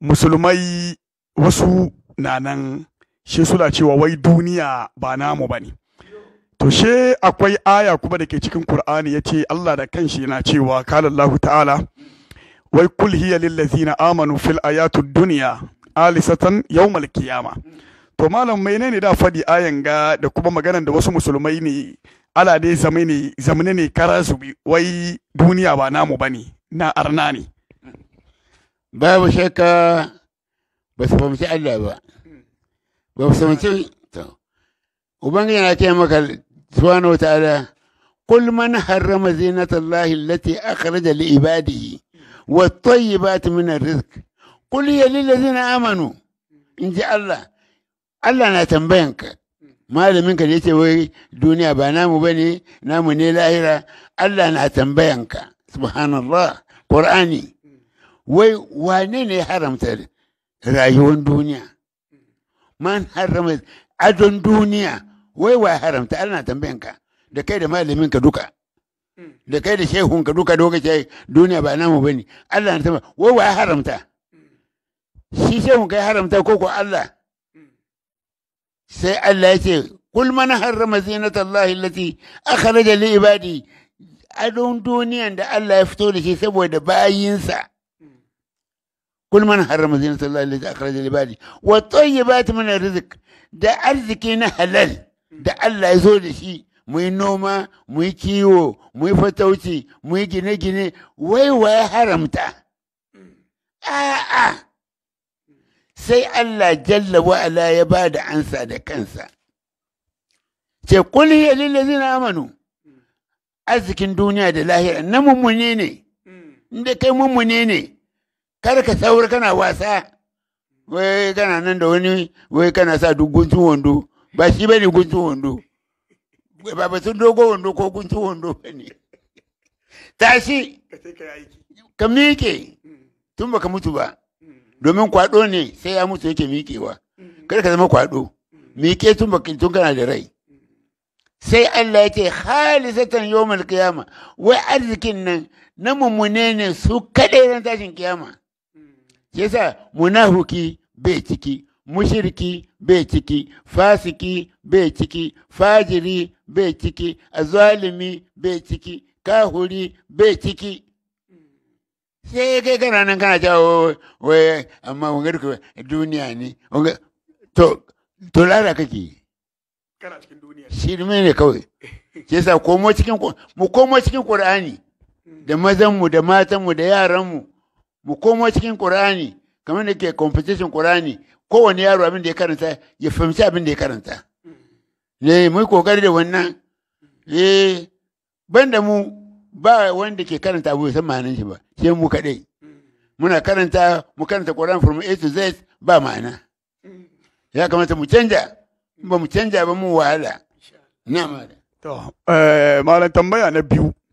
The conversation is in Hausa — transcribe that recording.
musulmai wasu na nan shi suna cewa wai duniya ba namu ba ne to she akwai aya kuma da ke cikin Kur'ani ya ce allah da kanshi yana cewa kalallahu ta'ala wai kul hiya lillazina amanu fil ayatu dunya alisatan yawmal qiyama to malam menene da fadi ayan ga da kuma maganan da wasu musulmai ne ala ne zamani ne zamane wai duniya ba namu bane na arna ne babu shakka ba su fahimci Allah ba ba su fahimci to ubangiji yana ce maka subhanahu ta'ala kul man harrama zinatallahi allati akhraja li ibadihi والطيبات من الرزق قل يا للذين امنوا ان جاء الله الله انا تنبينك ما منك ليش وي دنيا بنا بني نامو ني لاهره الله انا تنبينك سبحان الله قراني wai wane ne haramta rayuwar duniya man harama adon duniya wai wa haramta ana tambayan ka da kai da malamin ka duka da kai da shehun ka duka lokaci duniya ba namu bane Allah na tambaya wai wa haramta shi shehun kai haramta ko ko Allah sai Allah ya ce kul man harrama zinata Allah allati akhraja li ibadi adon duniyan da Allah ya fito da shi saboda bayinsa كل من حرم زينة الله التي أخرج لبالي والطيبات من الرزق ده أرزكي نحلل ده الله يزول شيء mu yi noma mu yi kiwo mu yi fatauci mu yi gine-gine wai waya haramta a'a sai Allah jalla wa'ala ya ba da ansa da kansa ce kuli ya lillazina amanu arzikin duniya da lahira na mummune ne inda kai mummune ne kada ka saura kana wasa wai kana nan da wani wai kana sa duk guntun wando ba shi bane guntun wando ba ba sun dogo wando ko guntun wando bane tashi ka miƙe tun baka mutu ba domin kwado ne sai ya mutu yake miƙewa kada ka zama kwado miƙe tun baka tun kana da rai sai Allah ya ce halisatan yawmal qiyama wai arzikin nan na mummune ne su kadai nan tashin kiyama yasa munahuki bai ciki mushirki bai ciki fasiki bai ciki fajiri bai ciki azalimi bai ciki kahuri bai ciki sai kai kana nan kana cewa oh, wai amma wangar duniya ne to to lara kake kana cikin duniya shirme ne kawai ke sa komo cikin mu komo cikin qur'ani hmm. da mazan mu da matan mu da yaran mu mu komo cikin Qur'ani kamar da ke competition Qur'ani kowane yaro abin da ya karanta ya fahimci abin da ya karanta ne mu kokari da wannan eh banda mu ba wanda ke karanta abu san ma'anar shi ba sai mu kadai muna karanta mu karanta Qur'an from A to Z ba ma'ana ya kamata mu canja ba mu canja ba mu wahala na to eh malam tambaya na biyu